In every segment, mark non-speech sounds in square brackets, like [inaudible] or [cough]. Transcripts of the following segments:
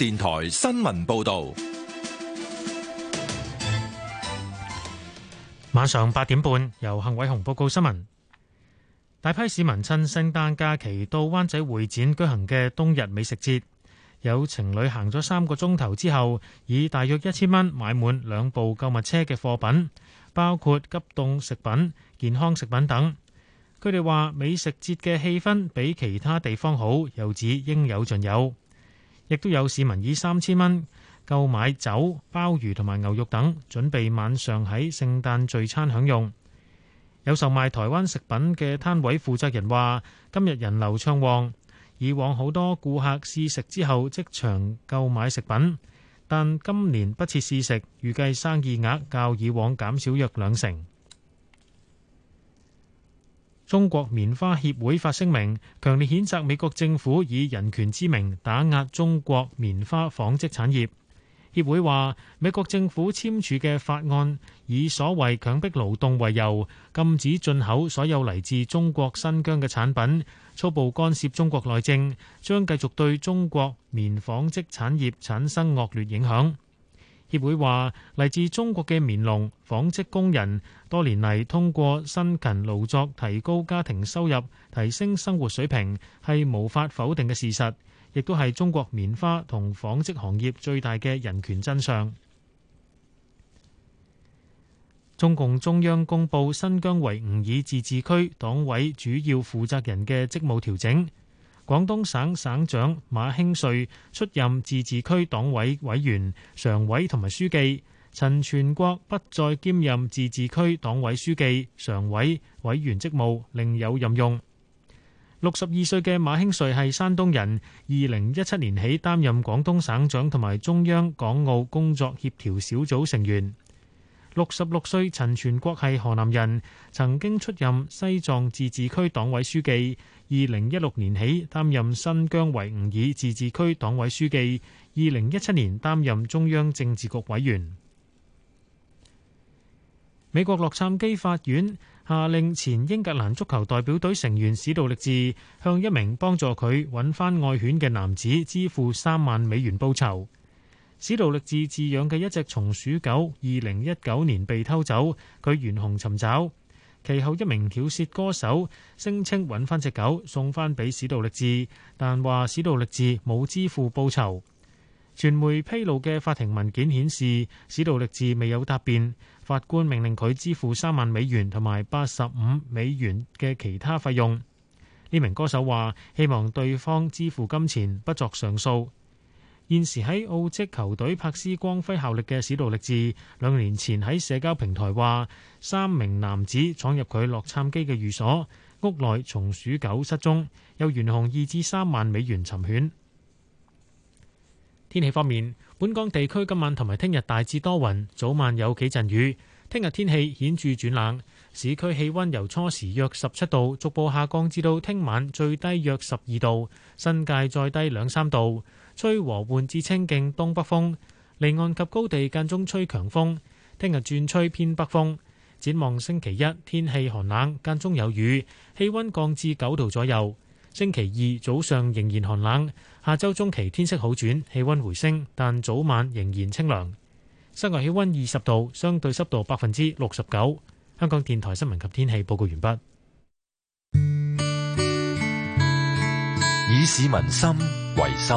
電台新聞報道，晚上八點半由幸偉雄報告新聞。大批市民趁聖誕假期到灣仔會展舉行嘅冬日美食節，有情侶行咗三個鐘頭之後，以大約一千蚊買滿兩部購物車嘅貨品，包括急凍食品、健康食品等。佢哋話美食節嘅氣氛比其他地方好，又指應有盡有。亦都有市民以三千蚊購買酒、鮑魚同埋牛肉等，準備晚上喺聖誕聚餐享用。有售賣台灣食品嘅攤位負責人話：今日人流暢旺，以往好多顧客試食之後即場購買食品，但今年不設試食，預計生意額較以往減少約兩成。中國棉花協會發聲明，強烈譴責美國政府以人權之名打壓中國棉花紡織產業。協會話，美國政府簽署嘅法案以所謂強迫勞動為由，禁止進口所有嚟自中國新疆嘅產品，粗暴干涉中國內政，將繼續對中國棉紡織產業產生惡劣影響。協會話：嚟自中國嘅棉農、紡織工人多年嚟通過辛勤勞作提高家庭收入、提升生活水平，係無法否定嘅事實，亦都係中國棉花同紡織行業最大嘅人權真相。中共中央公佈新疆維吾爾自治區黨委主要負責人嘅職務調整。廣東省省長馬興瑞出任自治區黨委委員、常委同埋書記，陳全國不再兼任自治區黨委書記、常委、委員職務，另有任用。六十二歲嘅馬興瑞係山東人，二零一七年起擔任廣東省長同埋中央港澳工作協調小組成員。六十六歲陳全國係河南人，曾經出任西藏自治區黨委書記，二零一六年起擔任新疆維吾爾自治區黨委書記，二零一七年擔任中央政治局委員。美國洛杉磯法院下令前英格蘭足球代表隊成員史杜力治向一名幫助佢揾翻愛犬嘅男子支付三萬美元報酬。史道力志飼養嘅一隻松鼠狗，二零一九年被偷走，佢懸紅尋找。其後一名饒舌歌手聲稱揾翻隻狗送翻俾史道力志。但話史道力志冇支付報酬。傳媒披露嘅法庭文件顯示，史道力志未有答辯，法官命令佢支付三萬美元同埋八十五美元嘅其他費用。呢名歌手話：希望對方支付金錢，不作上訴。現時喺澳職球隊柏斯光輝效力嘅史道力志，兩年前喺社交平台話，三名男子闖入佢洛杉磯嘅寓所，屋內松鼠狗失蹤，有懸紅二至三萬美元尋犬。天氣方面，本港地區今晚同埋聽日大致多雲，早晚有幾陣雨。聽日天氣顯著轉冷，市區氣溫由初時約十七度逐步下降，至到聽晚最低約十二度，新界再低兩三度。吹和緩至清勁東北風，離岸及高地間中吹強風。聽日轉吹偏北風。展望星期一，天氣寒冷，間中有雨，氣溫降至九度左右。星期二早上仍然寒冷。下周中期天色好轉，氣溫回升，但早晚仍然清涼。室外氣溫二十度，相對濕度百分之六十九。香港電台新聞及天氣報告完畢。以市民心為心。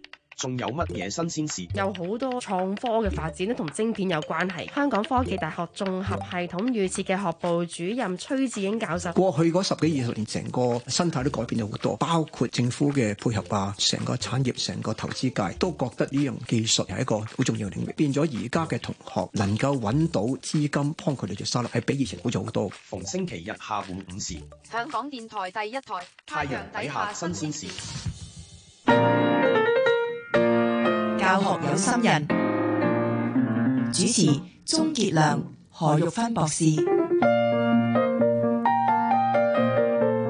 仲有乜嘢新鮮事？有好多創科嘅發展都同晶片有關係。香港科技大學綜合系統預設嘅學部主任崔志英教授，過去嗰十幾二十年，成個生態都改變咗好多，包括政府嘅配合啊，成個產業、成個投資界都覺得呢樣技術係一個好重要領域，變咗而家嘅同學能夠揾到資金幫佢哋做沙律，係比以前好咗好多。逢星期一下午五時，香港電台第一台，太陽底下新鮮事。教學有心人，主持鍾杰亮、何玉芬博士。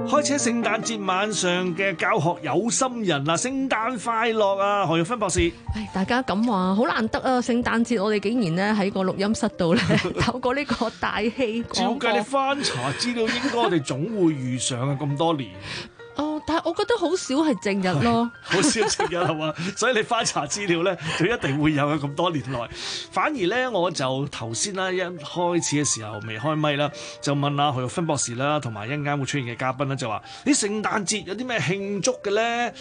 開車聖誕節晚上嘅教學有心人啊！聖誕快樂啊，何玉芬博士。喂，大家咁話好難得啊！聖誕節我哋竟然咧喺個錄音室度咧，透過呢個大氣廣播。照計，你翻查資料，應該我哋總會遇上啊！咁多年。但係我覺得好少係正日咯，好少正日係嘛？ [laughs] 所以你翻查資料咧，就一定會有咁多年來，反而咧我就頭先啦，一開始嘅時候未開咪啦，就問下佢芬博士啦，同埋一陣間會出現嘅嘉賓咧，就話：你聖誕節有啲咩慶祝嘅咧？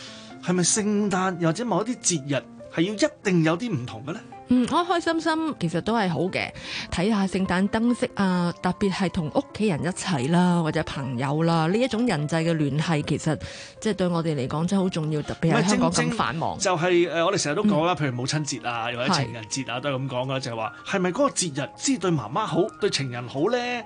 係咪聖誕，或者某一啲節日係要一定有啲唔同嘅咧？嗯，開開心心其實都係好嘅，睇下聖誕燈飾啊，特別係同屋企人一齊啦，或者朋友啦，呢一種人際嘅聯繫其實即係對我哋嚟講真係好重要，特別係香港咁繁忙，正正就係、是、誒我哋成日都講啦，嗯、譬如母親節啊，又或者情人節啊，都係咁講噶，是就係話係咪嗰個節日先對媽媽好，對情人好咧？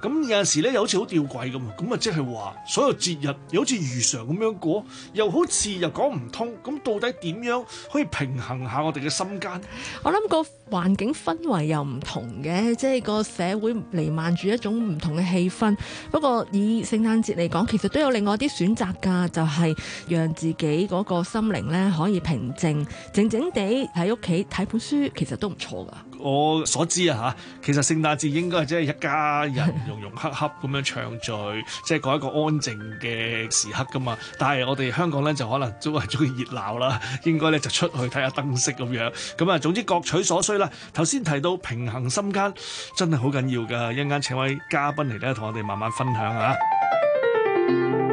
咁有陣時咧又好似好吊詭咁，咁啊，即係話所有節日又好似如常咁樣過，又好似又講唔通。咁到底點樣可以平衡下我哋嘅心間？我諗個環境氛圍又唔同嘅，即係個社會瀰漫住一種唔同嘅氣氛。不過以聖誕節嚟講，其實都有另外啲選擇㗎，就係讓自己嗰個心靈咧可以平靜，靜靜地喺屋企睇本書，其實都唔錯㗎。我所知啊嚇，其實聖誕節應該係即係一家人融融洽洽咁樣暢聚，即係過一個安靜嘅時刻㗎嘛。但係我哋香港咧就可能都係中意熱鬧啦，應該咧就出去睇下燈飾咁樣。咁啊，總之各取所需啦。頭先提到平行心間真係好緊要㗎，一陣間請位嘉賓嚟咧同我哋慢慢分享嚇。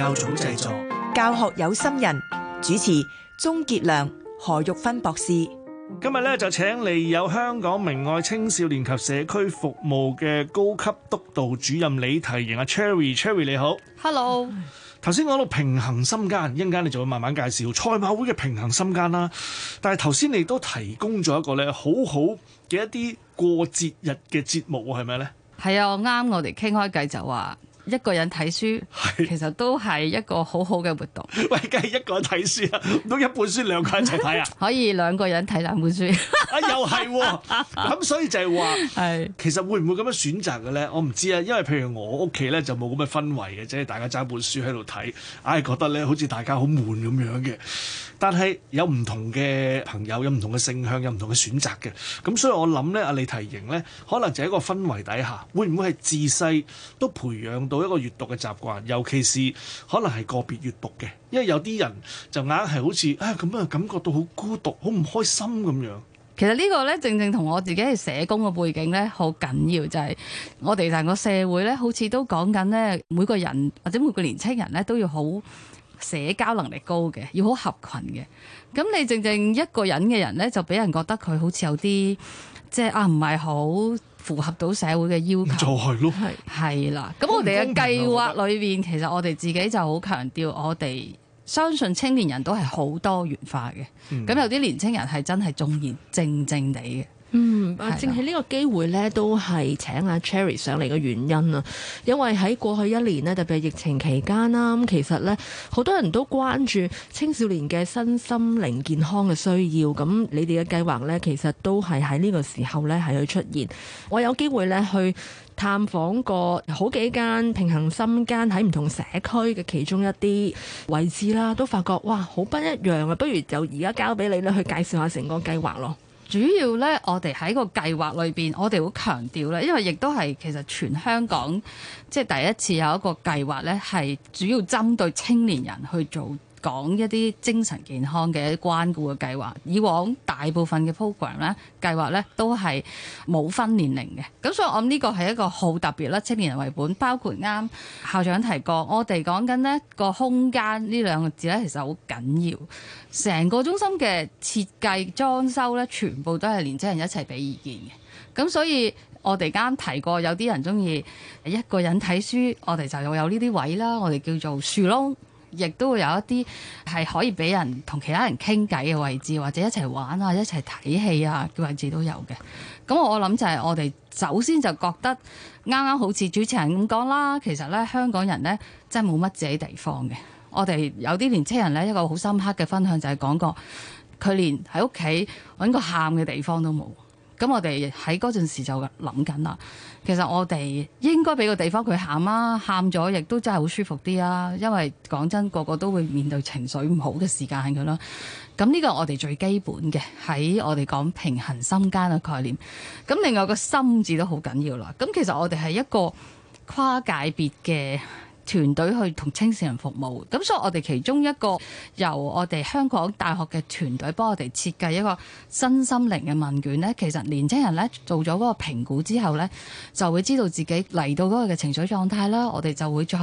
教總製作，教學有心人主持，鍾杰良、何玉芬博士。今日咧就請嚟有香港明愛青少年及社區服務嘅高級督導主任李緹瑩啊，Cherry，Cherry 你好，Hello。頭先講到平行心間，一陣間你就會慢慢介紹賽馬會嘅平行心間啦。但係頭先你都提供咗一個咧好好嘅一啲過節日嘅節目，係咪呢？係啊，啱我哋傾開計就話。一個人睇書，其實都係一個好好嘅活動。 [laughs] 喂，梗係一個人睇書啊，都一本書兩個人一齊睇啊？ [laughs] 可以兩個人睇兩本書 [laughs] 啊，又係、啊，咁所以就係話，係 [laughs] 是其實會唔會咁樣選擇嘅咧？我唔知啊，因為譬如我屋企咧就冇咁嘅氛圍嘅，即係大家揸一本書喺度睇，唉覺得咧好似大家好悶咁樣嘅。但係有唔同嘅朋友，有唔同嘅性向，有唔同嘅選擇嘅。咁所以我諗咧，阿李緹瑩咧，可能就一個氛圍底下，會唔會係自細都培養到？一個閱讀嘅習慣，尤其是可能係個別閱讀嘅，因為有啲人就硬係好似啊，咁啊，樣，感覺到好孤獨、好唔開心咁樣。其實呢個呢，正正同我自己係社工嘅背景呢好緊要，就係我哋成個社會呢，好似都講緊呢，每個人或者每個年青人呢，都要好社交能力高嘅，要好合群嘅。咁你正正一個人嘅人呢，就俾人覺得佢好似有啲即係啊，唔係好。符合到社會嘅要求就係咯，係啦。咁我哋嘅計劃裏邊，啊、其實我哋自己就好強調我，我哋相信青年人都係好多元化嘅。咁、嗯、有啲年青人係真係鍾意正正地嘅。嗯，的正係呢個機會咧，都係請阿 Cherry 上嚟嘅原因啊！因為喺過去一年咧，特別係疫情期間啦，其實咧好多人都關注青少年嘅身心靈健康嘅需要。咁你哋嘅計劃咧，其實都係喺呢個時候咧係去出現。我有機會咧去探訪過好幾間平行心間喺唔同社區嘅其中一啲位置啦，都發覺哇，好不一樣啊！不如就而家交俾你啦，去介紹下成個計劃咯。主要呢，我哋喺個計劃裏邊，我哋好強調咧，因為亦都係其實全香港即係第一次有一個計劃咧，係主要針對青年人去做。講一啲精神健康嘅一啲關顧嘅計劃，以往大部分嘅 program 咧計劃咧都係冇分年齡嘅，咁所以我諗呢個係一個好特別啦，青年人為本。包括啱校長提過，我哋講緊呢個空間呢兩個字咧其實好緊要，成個中心嘅設計裝修咧全部都係年青人一齊俾意見嘅，咁所以我哋啱提過有啲人中意一個人睇書，我哋就又有呢啲位啦，我哋叫做樹窿。亦都會有一啲係可以俾人同其他人傾偈嘅位置，或者一齊玩啊、一齊睇戲啊嘅位置都有嘅。咁我諗就係我哋首先就覺得啱啱好似主持人咁講啦，其實呢，香港人呢真係冇乜自己地方嘅。我哋有啲年輕人呢，一個好深刻嘅分享就係講過，佢連喺屋企搵個喊嘅地方都冇。咁我哋喺嗰陣時就諗緊啦，其實我哋應該俾個地方佢喊啦，喊咗亦都真係好舒服啲啊，因為講真個個都會面對情緒唔好嘅時間噶啦。咁呢個我哋最基本嘅喺我哋講平行心間嘅概念。咁另外個心字都好緊要啦。咁其實我哋係一個跨界別嘅。團隊去同青少年服務，咁所以我哋其中一個由我哋香港大學嘅團隊幫我哋設計一個新心靈嘅問卷呢，其實年青人呢做咗嗰個評估之後呢，就會知道自己嚟到嗰個嘅情緒狀態啦，我哋就會再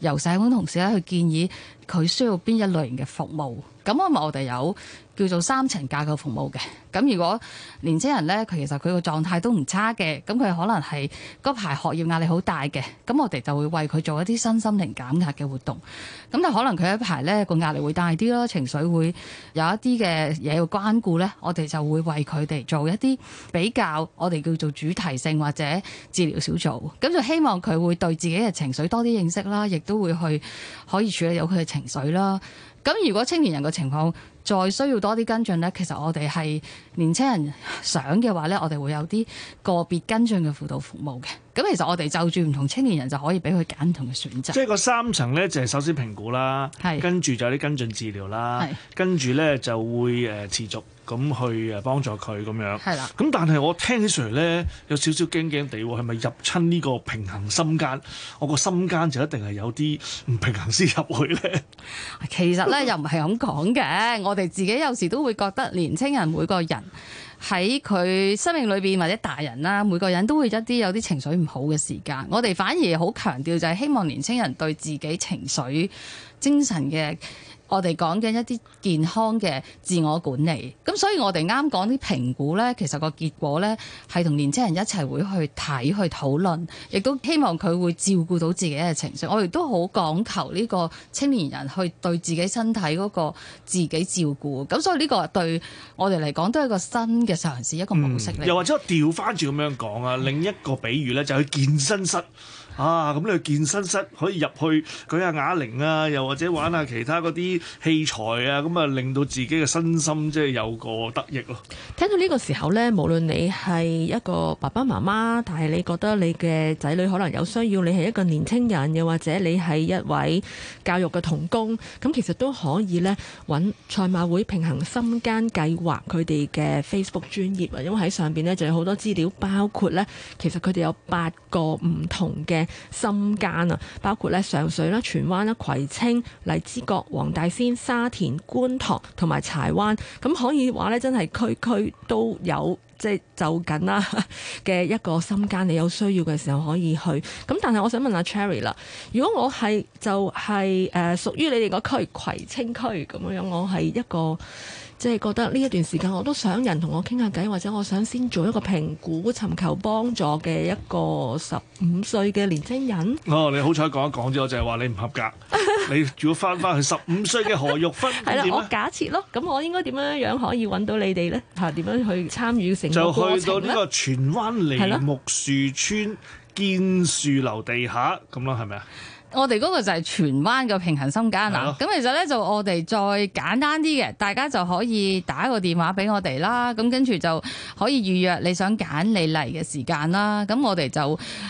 由社工同事咧去建議。佢需要邊一類型嘅服務？咁我我哋有叫做三層架構服務嘅。咁如果年青人呢，佢其實佢個狀態都唔差嘅，咁佢可能係嗰排學業壓力好大嘅，咁我哋就會為佢做一啲身心靈減壓嘅活動。咁就可能佢一排呢個壓力會大啲咯，情緒會有一啲嘅嘢要關顧呢，我哋就會為佢哋做一啲比較，我哋叫做主題性或者治療小組，咁就希望佢會對自己嘅情緒多啲認識啦，亦都會去可以處理有佢嘅情緒啦。咁如果青年人嘅情況再需要多啲跟進呢，其實我哋係年青人想嘅話呢，我哋會有啲個別跟進嘅輔導服務嘅。咁其實我哋就住唔同青年人就可以俾佢揀唔同嘅選擇，即係個三層呢，就係、是、首先評估啦，是跟住就有啲跟進治療啦，是跟住呢就會誒持續。咁去誒幫助佢咁樣，咁的但係我聽起上嚟咧，有少少驚驚地，係咪入侵呢個平行心間？我個心間就一定係有啲唔平衡先入去咧。其實咧又唔係咁講嘅， [laughs] 我哋自己有時都會覺得年青人每個人喺佢生命裏邊或者大人啦、啊，每個人都會有一啲有啲情緒唔好嘅時間。我哋反而好強調就係希望年青人對自己情緒、精神嘅。我哋講緊一啲健康嘅自我管理，咁所以我哋啱講啲評估呢，其實個結果呢係同年青人一齊會去睇、去討論，亦都希望佢會照顧到自己嘅情緒。我哋都好講求呢個青年人去對自己身體嗰個自己照顧。咁所以呢個對我哋嚟講都係一個新嘅嘗試，一個模式、嗯。又或者我調翻轉咁樣講啊，另一個比喻呢就係去健身室。啊，咁你去健身室，可以入去舉下啞鈴啊，又或者玩下其他嗰啲器材啊，咁啊令到自己嘅身心即係有個得益咯。聽到呢個時候咧，無論你係一個爸爸媽媽，但係你覺得你嘅仔女可能有需要，你係一個年青人，又或者你係一位教育嘅童工，咁其實都可以咧揾賽馬會平行心間計劃佢哋嘅 Facebook 專頁啊，因為喺上邊咧就有好多資料，包括咧其實佢哋有八個唔同嘅。心間啊，包括咧上水啦、荃灣啦、葵青、荔枝角、黃大仙、沙田、觀塘同埋柴灣，咁可以話咧，真係區區都有即係就近啦嘅一個心間，你有需要嘅時候可以去。咁但係我想問下 Cherry 啦，如果我係就係誒屬於你哋個區葵青區咁樣，我係一個。即係覺得呢一段時間我都想人同我傾下偈，或者我想先做一個評估，尋求幫助嘅一個十五歲嘅年青人。哦，你好彩講一講啫，我就係、是、話你唔合格， [laughs] 你仲要翻翻去十五歲嘅何玉芬點？啦， [laughs] 我假設咯，咁我應該點樣樣可以揾到你哋呢？嚇、啊，點樣去參與成個過程呢？就去到呢個荃灣梨木樹村建 [laughs] 樹樓地下咁咯，係咪啊？我哋嗰個就係荃灣嘅平行心間啦，咁、oh. 其實咧就我哋再簡單啲嘅，大家就可以打個電話俾我哋啦，咁跟住就可以預約你想揀你嚟嘅時間啦。咁我哋就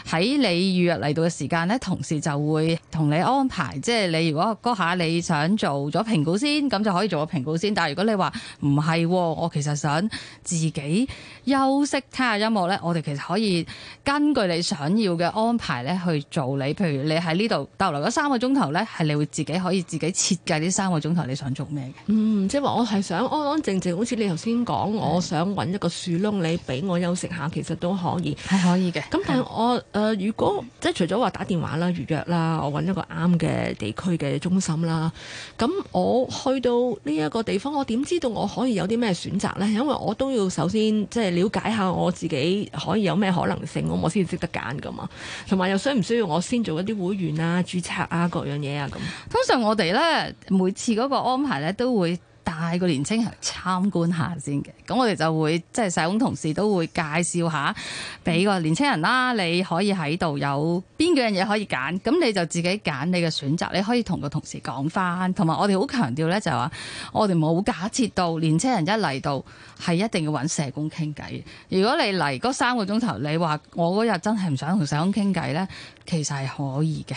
喺你預約嚟到嘅時間咧，同時就會同你安排，即係你如果嗰下你想做咗評估先，咁就可以做個評估先。但係如果你話唔係，我其實想自己休息聽下音樂咧，我哋其實可以根據你想要嘅安排咧去做你，譬如你喺呢度。逗留嗰三個鐘頭咧，係你會自己可以自己設計啲三個鐘頭你想做咩嘅？嗯，即係話我係想安安靜靜，好似你頭先講，的我想揾一個樹窿，你俾我休息下，其實都可以，係可以嘅。咁但係我誒的、呃，如果即係除咗話打電話啦、預約啦，我揾一個啱嘅地區嘅中心啦，咁我去到呢一個地方，我點知道我可以有啲咩選擇咧？因為我都要首先即係、就是、了解下我自己可以有咩可能性，我先識得揀㗎嘛。同埋又需唔需要我先做一啲會員啊？註冊啊，各樣嘢啊，咁通常我哋咧每次嗰個安排咧，都會帶個年青人參觀下先嘅。咁我哋就會即係社工同事都會介紹下俾個年青人啦。你可以喺度有邊幾樣嘢可以揀，咁你就自己揀你嘅選擇。你可以同個同事講翻，同埋我哋好強調咧，就係話我哋冇假設到年青人一嚟到係一定要揾社工傾偈。如果你嚟嗰三個鐘頭，你話我嗰日真係唔想同社工傾偈咧，其實係可以嘅。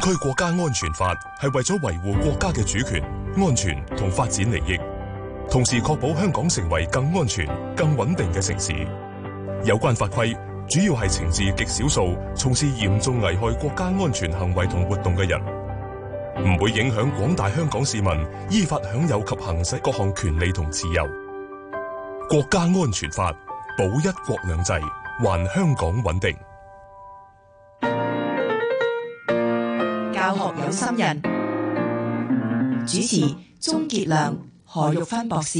《區國家安全法》係為咗維護國家嘅主權、安全同發展利益，同時確保香港成為更安全、更穩定嘅城市。有關法規主要係懲治極少數從事嚴重危害國家安全行為同活動嘅人，唔會影響廣大香港市民依法享有及行使各項權利同自由。國家安全法保一國兩制，還香港穩定。教學有心人，主持鍾傑良、何玉芬博士。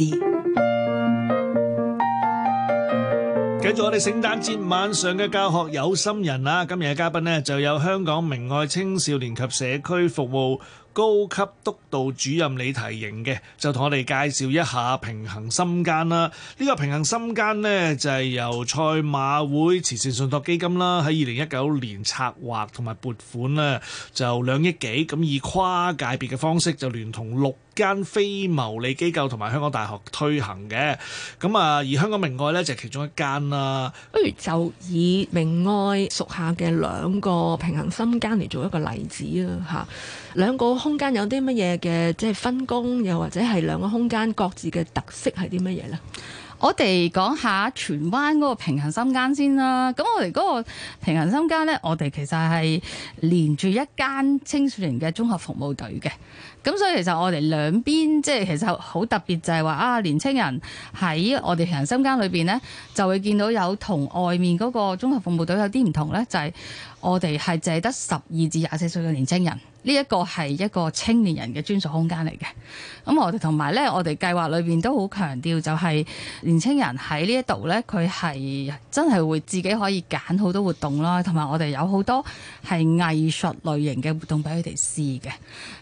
繼續我哋聖誕節晚上嘅教學有心人啦，今日嘅嘉賓呢就有香港明愛青少年及社區服務。高級督導主任李緹瑩嘅就同我哋介紹一下平行心間啦。呢、呢個平行心間呢，就係、係、由賽馬會慈善信託基金啦喺二零一九年策劃同埋撥款呢，就兩億幾咁以跨界別嘅方式就聯同六間非牟利機構同埋香港大學推行嘅。咁啊，而香港明愛呢，就係、其中一間啦。不如就以明愛屬下嘅兩個平行心間嚟做一個例子啊，嚇兩個空間有啲乜嘢嘅即係分工，又或者係兩個空間各自嘅特色係啲乜嘢呢？我哋講下荃灣嗰個平行心間先啦。咁我哋嗰個平行心間呢，我哋其實係連住一間青少年嘅綜合服務隊嘅。咁、嗯、所以其實我哋兩邊即係其實好特別，就係、是、話啊，年青人喺我哋平行心間裏邊呢，就會見到有同外面嗰個綜合服務隊有啲唔同呢，就係、是、我哋係淨係得十二至廿四歲嘅年青人，呢一個係一個青年人嘅專屬空間嚟嘅。咁我哋同埋呢，我哋計劃裏邊都好強調，就係年青人喺呢一度呢，佢係真係會自己可以揀好多活動啦，同埋我哋有好多係藝術類型嘅活動俾佢哋試嘅。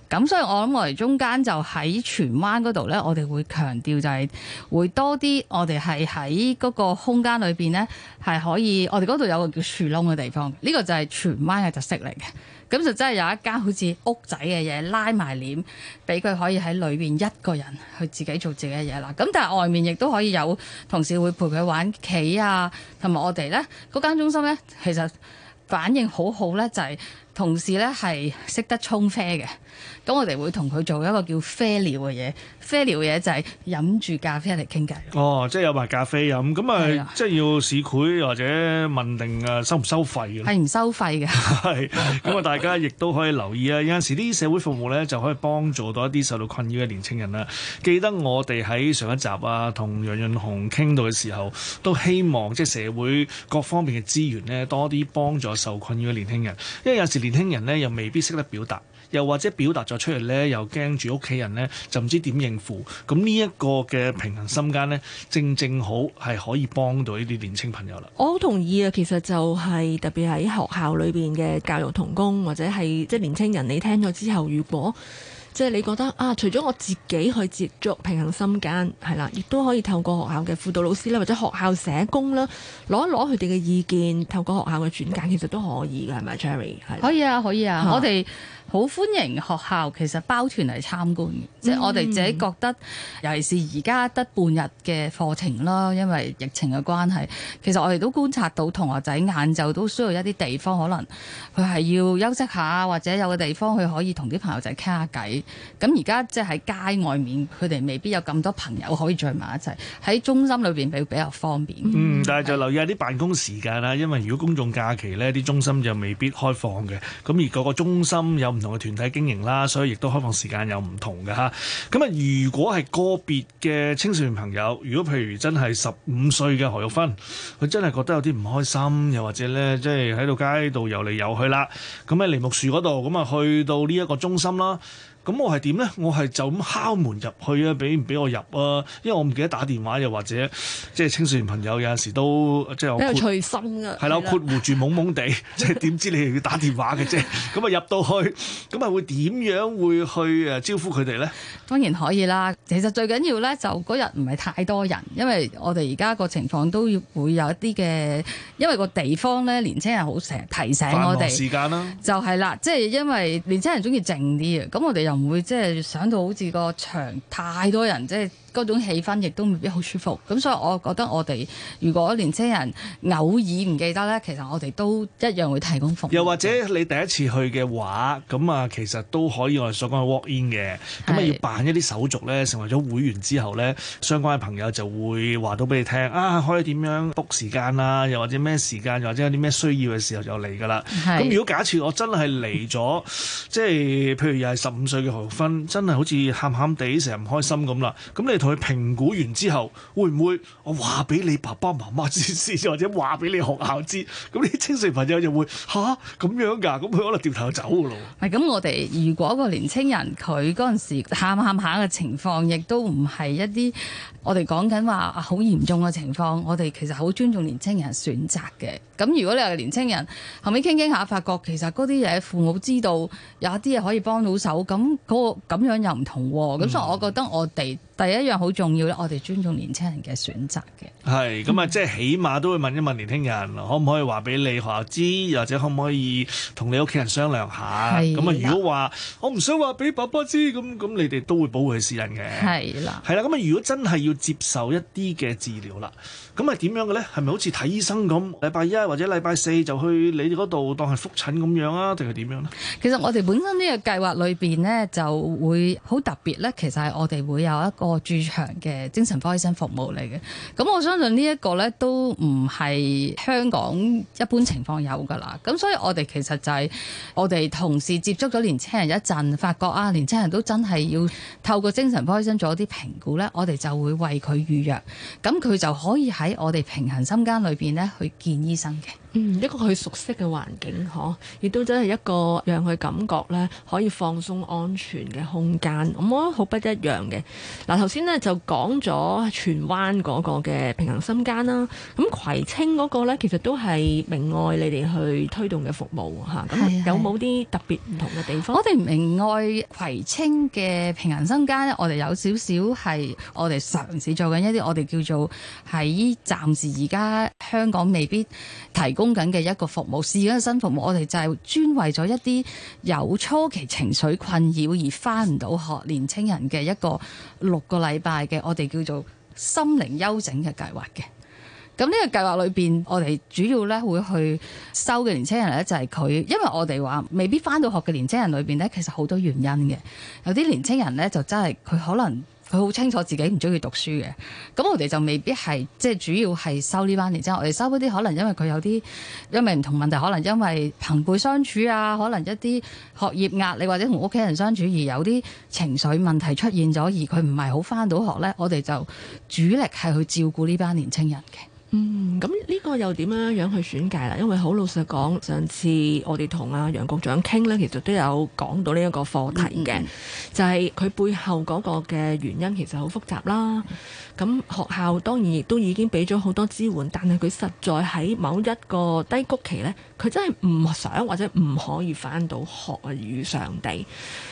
咁所以我諗我哋中間就喺荃灣嗰度呢，我哋會強調就係會多啲，我哋係喺嗰個空間裏邊呢，係可以我哋嗰度有個叫樹窿嘅地方，呢個就係荃灣嘅特色嚟嘅。咁就真係有一間好似屋仔嘅嘢，拉埋簾俾佢可以喺裏邊一個人去自己做自己嘅嘢啦。咁但係外面亦都可以有同事會陪佢玩棋啊，同埋我哋呢嗰間中心呢，其實反應好好呢，就係。同時咧係識得沖啡嘅，咁我哋會同佢做一個叫啡聊嘅嘢。啡聊嘅嘢就係飲住咖啡嚟傾偈。哦，即係有埋咖啡飲，咁啊，即係要市會或者問定啊收唔收費嘅？係唔收費嘅。係， [laughs] 咁啊，大家亦都可以留意啊。 [laughs] 有陣時啲社會服務咧就可以幫助到一啲受到困擾嘅年輕人啦。記得我哋喺上一集啊，同楊潤雄傾到嘅時候，都希望即係社會各方面嘅資源咧多啲幫助受困擾嘅年輕人，因為有時年輕人咧又未必識得表達，又或者表達咗出嚟咧，又驚住屋企人咧就唔知點應付。咁呢一個嘅平行心間咧，正正好係可以幫到呢啲年青朋友啦。我好同意啊，其實就係特別喺學校裏邊嘅教育同工，或者係即係年青人，你聽咗之後，如果，即係你覺得啊，除咗我自己去接觸平行心間，係啦，亦都可以透過學校嘅輔導老師啦，或者學校社工啦，攞一攞佢哋嘅意見，透過學校嘅轉介，其實都可以嘅，係咪 Cherry？係可以啊，可以啊，的我哋。好歡迎學校其實包團嚟參觀嘅，即係我哋自己覺得，嗯、尤其是而家得半日嘅課程啦，因為疫情嘅關係，其實我哋都觀察到同學仔晏晝都需要一啲地方，可能佢係要休息下，或者有個地方佢可以同啲朋友仔傾下偈。咁而家即係喺街外面，佢哋未必有咁多朋友可以聚埋一齊，喺中心裏邊比比較方便。嗯，對，但係就留意下啲辦公時間啦，因為如果公眾假期咧，啲中心就未必開放嘅。咁而各個中心有。唔同嘅團體經營啦，所以亦都開放時間有唔同嘅吓。咁啊，如果係個別嘅青少年朋友，如果譬如真係十五歲嘅何玉芬，佢真係覺得有啲唔開心，又或者呢，即係喺度街度遊嚟遊去啦，咁喺梨木樹嗰度，咁啊去到呢一個中心啦。咁我係點咧？我係就咁敲門入去啊！俾唔俾我入啊？因為我唔記得打電話又或者即係青少年朋友有陣時都即係我好、呃、隨心㗎。係啦、嗯，我括護住懵懵地，即係點知你係要打電話嘅啫。咁啊入到去，咁啊會點樣會樣去誒招呼佢哋咧？當然可以啦。其實最緊要咧就嗰日唔係太多人，因為我哋而家個情況都會有一啲嘅，因為個地方咧年青人好成日提醒我哋時間啦。就係啦，即係因為年青人中意靜啲嘅，咁我哋又。唔會，即係想到好似個場太多人，即係。嗰種氣氛亦都未必好舒服，咁所以我覺得我哋如果年青人偶爾唔記得咧，其實我哋都一樣會提供服務。又或者你第一次去嘅話，咁啊其實都可以我哋所講嘅 walk in 嘅，咁啊要辦一啲手續咧，成為咗會員之後咧，相關嘅朋友就會話到俾你聽，啊可以點樣 book 時間啦，又或者咩時間，又或者有啲咩需要嘅時候就嚟噶啦。咁是如果假設我真係嚟咗， [laughs] 即係譬如又係十五歲嘅學生，真係好似喊喊地成日唔開心咁啦，咁你同佢評估完之後，會唔會我話俾你爸爸媽媽知，或者話俾你學校知？咁啲青少年朋友就會嚇咁、啊、樣㗎、啊，咁佢可能掉頭走㗎喇。唔係咁，我哋、嗯、如果，如果個年青人佢嗰陣時喊喊下嘅情況，亦都唔係一啲我哋講緊話好嚴重嘅情況。我哋其實好尊重年青人選擇嘅。咁如果你係年青人，後尾傾傾下，發覺其實嗰啲嘢父母知道有一啲嘢可以幫到手，咁嗰、嗰個咁樣又唔同。咁所以，我覺得我哋。第一樣好重要咧，我哋尊重年青人嘅選擇嘅。係咁啊，即係起碼都會問一問年輕人，可唔可以話俾你學校知，或者可唔可以同你屋企人商量下？係的。咁啊，如果話我唔想話俾爸爸知，咁咁你哋都會保護佢私隱嘅。係啦的。係啦，咁啊，如果真係要接受一啲嘅治療啦，咁係點樣嘅咧？係咪好似睇醫生咁？禮拜一或者禮拜四就去你哋嗰度當係覆診咁樣啊？定係點樣咧？其實我哋本身呢個計劃裏邊咧，就會好特別咧。其實係我哋會有一個個駐場嘅精神科醫生服務嚟嘅，咁我相信呢一個呢都唔係香港一般情況有噶啦，咁所以我哋其實就係、是、我哋同事接觸咗年青人一陣，發覺啊，年青人都真係要透過精神科醫生做一啲評估呢，我哋就會為佢預約，咁佢就可以喺我哋平行心間裏邊呢去見醫生嘅。一個佢熟悉嘅環境，嗬，亦都真係一個讓佢感覺咧可以放鬆安全嘅空間。我覺得好不一樣嘅。嗱，頭先咧就講咗荃灣個嘅平行心間啦，咁葵青個咧，其實都係明愛你哋去推動嘅服務嚇。咁有冇啲特別唔同嘅地方？我哋明愛葵青嘅平行心間咧，我哋有少少係我哋嘗試做緊一啲我哋叫做喺暫時而家香港未必提供。緊嘅一個服務，試緊嘅新服務，我哋就係專為咗一啲有初期情緒困擾而翻唔到學年青人，嘅一個六個禮拜嘅，我哋叫做心靈休整嘅計劃嘅。咁呢個計劃裏邊，我哋主要呢會去收嘅年青人呢，就係佢，因為我哋話未必翻到學嘅年青人裏邊呢，其實好多原因嘅，有啲年青人呢，就真係佢可能。佢好清楚自己唔中意讀書嘅，咁我哋就未必係，即係主要係收呢班年青，我哋收嗰啲可能因為佢有啲因為唔同問題，可能因為朋輩相處啊，可能一啲學業壓力或者同屋企人相處而有啲情緒問題出現咗，而佢唔係好翻到學咧，我哋就主力係去照顧呢班年青人嘅。嗯，咁呢個又點樣樣去選解啦？因為好老實講，上次我哋同阿楊局長傾咧，其實都有講到呢一個課題嘅，嗯、就係佢背後嗰個嘅原因其實好複雜啦。咁學校當然亦都已經俾咗好多支援，但係佢實在喺某一個低谷期呢。佢真係唔想或者唔可以翻到學與上地。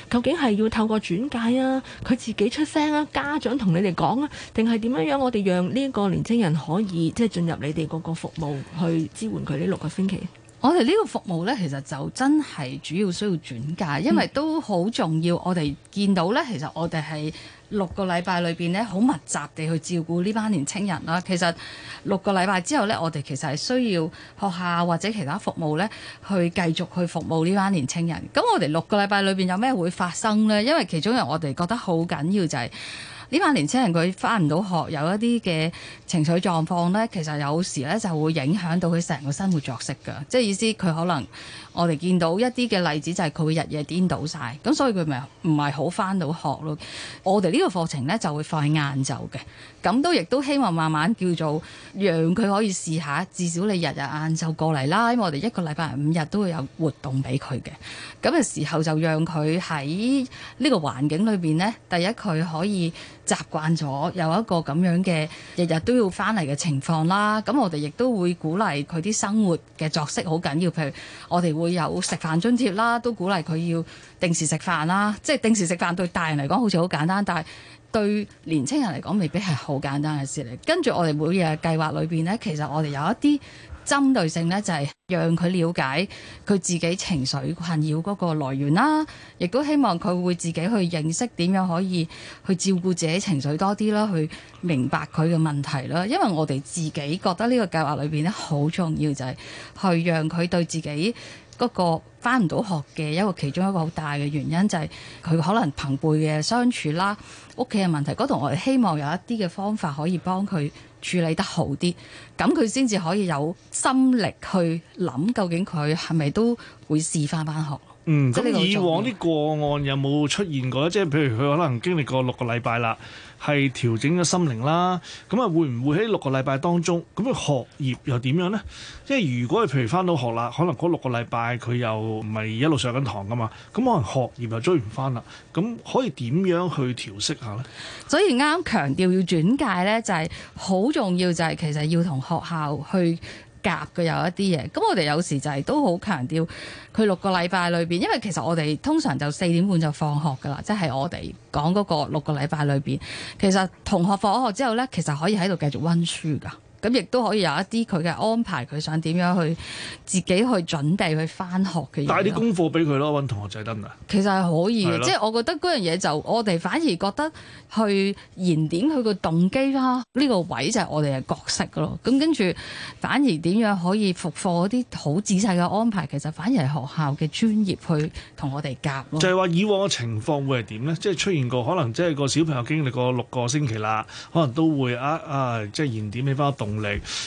究竟係要透過轉介啊，佢自己出聲啊，家長同你哋講啊，定係點樣樣？我哋讓呢個年青人可以即係、就是、進入你哋嗰個服務去支援佢呢六個星期？我哋呢個服務呢，其實就真係主要需要轉介，因為都好重要。我哋見到呢，其實我哋係六個禮拜裏邊呢，好密集地去照顧呢班年青人啦。其實六個禮拜之後呢，我哋其實係需要學校或者其他服務呢，去繼續去服務呢班年青人。咁我哋六個禮拜裏邊有咩會發生呢？因為其中一個我哋覺得好緊要就係、是。呢班年青人佢返唔到學，有一啲嘅情緒狀況呢，其實有時呢就會影響到佢成個生活作息㗎，即係意思佢可能。我哋見到一啲嘅例子就係佢會日夜顛倒晒，咁所以佢咪唔係好翻到學咯。我哋呢個課程咧就會放喺晏晝嘅，咁都亦都希望慢慢叫做讓佢可以試下，至少你日日晏晝過嚟啦。因為我哋一個禮拜五日都會有活動俾佢嘅，咁嘅時候就讓佢喺呢個環境裏邊咧，第一佢可以習慣咗有一個咁樣嘅日日都要翻嚟嘅情況啦。咁我哋亦都會鼓勵佢啲生活嘅作息好緊要，譬如我哋會。有食飯津貼啦，都鼓勵佢要定時食飯啦。即係定時食飯對大人嚟講好似好簡單，但係對年青人嚟講未必係好簡單嘅事嚟。跟住我哋每日計劃裏邊呢，其實我哋有一啲針對性呢，就係讓佢了解佢自己情緒困擾嗰個來源啦，亦都希望佢會自己去認識點樣可以去照顧自己情緒多啲啦，去明白佢嘅問題啦。因為我哋自己覺得呢個計劃裏邊呢，好重要，就係去讓佢對自己。嗰個返唔到學嘅一個其中一個好大嘅原因就係佢可能朋輩嘅相處啦、屋企嘅問題，嗰度我哋希望有一啲嘅方法可以幫佢處理得好啲，咁佢先至可以有心力去諗究竟佢係咪都會試返返學。嗯，咁以往啲個案有冇出現過？即係譬如佢可能經歷過六個禮拜啦。係調整咗心靈啦，咁啊會唔會喺六個禮拜當中，咁佢學業又點樣呢？即係如果佢譬如翻到學啦，可能嗰六個禮拜佢又唔係一路上緊堂噶嘛，咁可能學業又追唔翻啦。咁可以點樣去調適下呢？所以啱啱強調要轉介呢，就係好重要，就係其實要同學校去。夾嘅有一啲嘢，咁我哋有時就係都好強調佢六個禮拜裏邊，因為其實我哋通常就四點半就放學噶啦，即係我哋講嗰個六個禮拜裏邊，其實同學放咗學之後呢，其實可以喺度繼續温書噶。咁亦都可以有一啲佢嘅安排，佢想點樣去自己去準備去翻學嘅嘢。帶啲功課俾佢咯，揾同學仔得啊？其實係可以嘅，的即係我覺得嗰樣嘢就我哋反而覺得去燃點佢個動機啦，呢個位就係我哋嘅角色咯。咁跟住反而點樣可以復課啲好仔細嘅安排，其實反而係學校嘅專業去同我哋夾咯。就係話以往嘅情況會係點咧？即係出現過可能，即係個小朋友經歷過六個星期啦，可能都會啊啊，即係燃點起翻個動。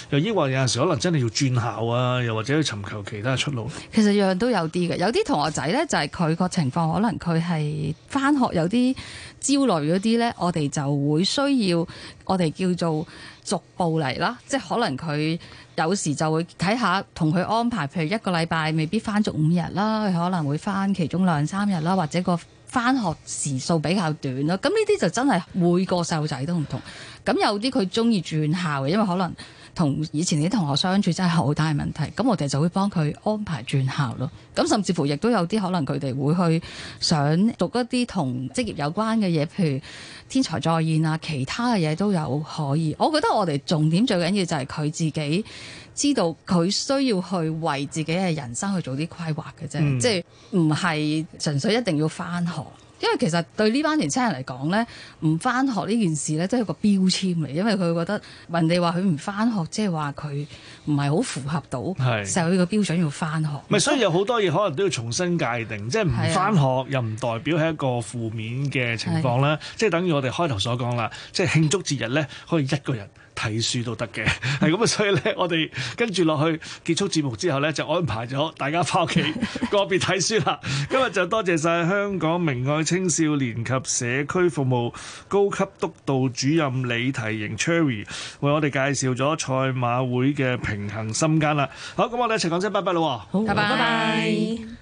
又，抑或有陣時可能真係要轉校啊，又或者去尋求其他嘅出路。其實樣樣都有啲嘅，有啲同學仔呢，就係佢個情況，可能佢係翻學有啲焦慮嗰啲呢，我哋就會需要我哋叫做逐步嚟啦，即係可能佢有時就會睇下同佢安排，譬如一個禮拜未必翻足五日啦，佢可能會翻其中兩三日啦，或者個。返學時數比較短咯，咁呢啲就真係每個細路仔都唔同，咁有啲佢鍾意轉校嘅，因為可能。同以前啲同學相處真係好大問題，咁我哋就會幫佢安排轉校咯。咁甚至乎亦都有啲可能佢哋會去想讀一啲同職業有關嘅嘢，譬如天才再現啊，其他嘅嘢都有可以。我覺得我哋重點最緊要就係佢自己知道佢需要去為自己嘅人生去做啲規劃嘅啫，嗯、即係唔係純粹一定要返學。因為其實對呢班年輕人嚟講呢唔返學呢件事呢，真係個標籤嚟。因為佢覺得人哋話佢唔返學，即係話佢唔係好符合到社會嘅標準要返學。唔係，所以有好多嘢可能都要重新界定，即係唔返學又唔代表係一個負面嘅情況啦。的即係等於我哋開頭所講啦，即係慶祝節日呢，可以一個人。睇書都得嘅，係咁啊！所以咧，我哋跟住落去結束節目之後咧，就安排咗大家翻屋企個別睇書啦。 [laughs] 今日就多謝晒香港明愛青少年及社區服務高級督導主任李緹瑩 Cherry 為我哋介紹咗賽馬會嘅平行心間啦。好，咁我哋一齊講聲拜拜啦！好，拜拜。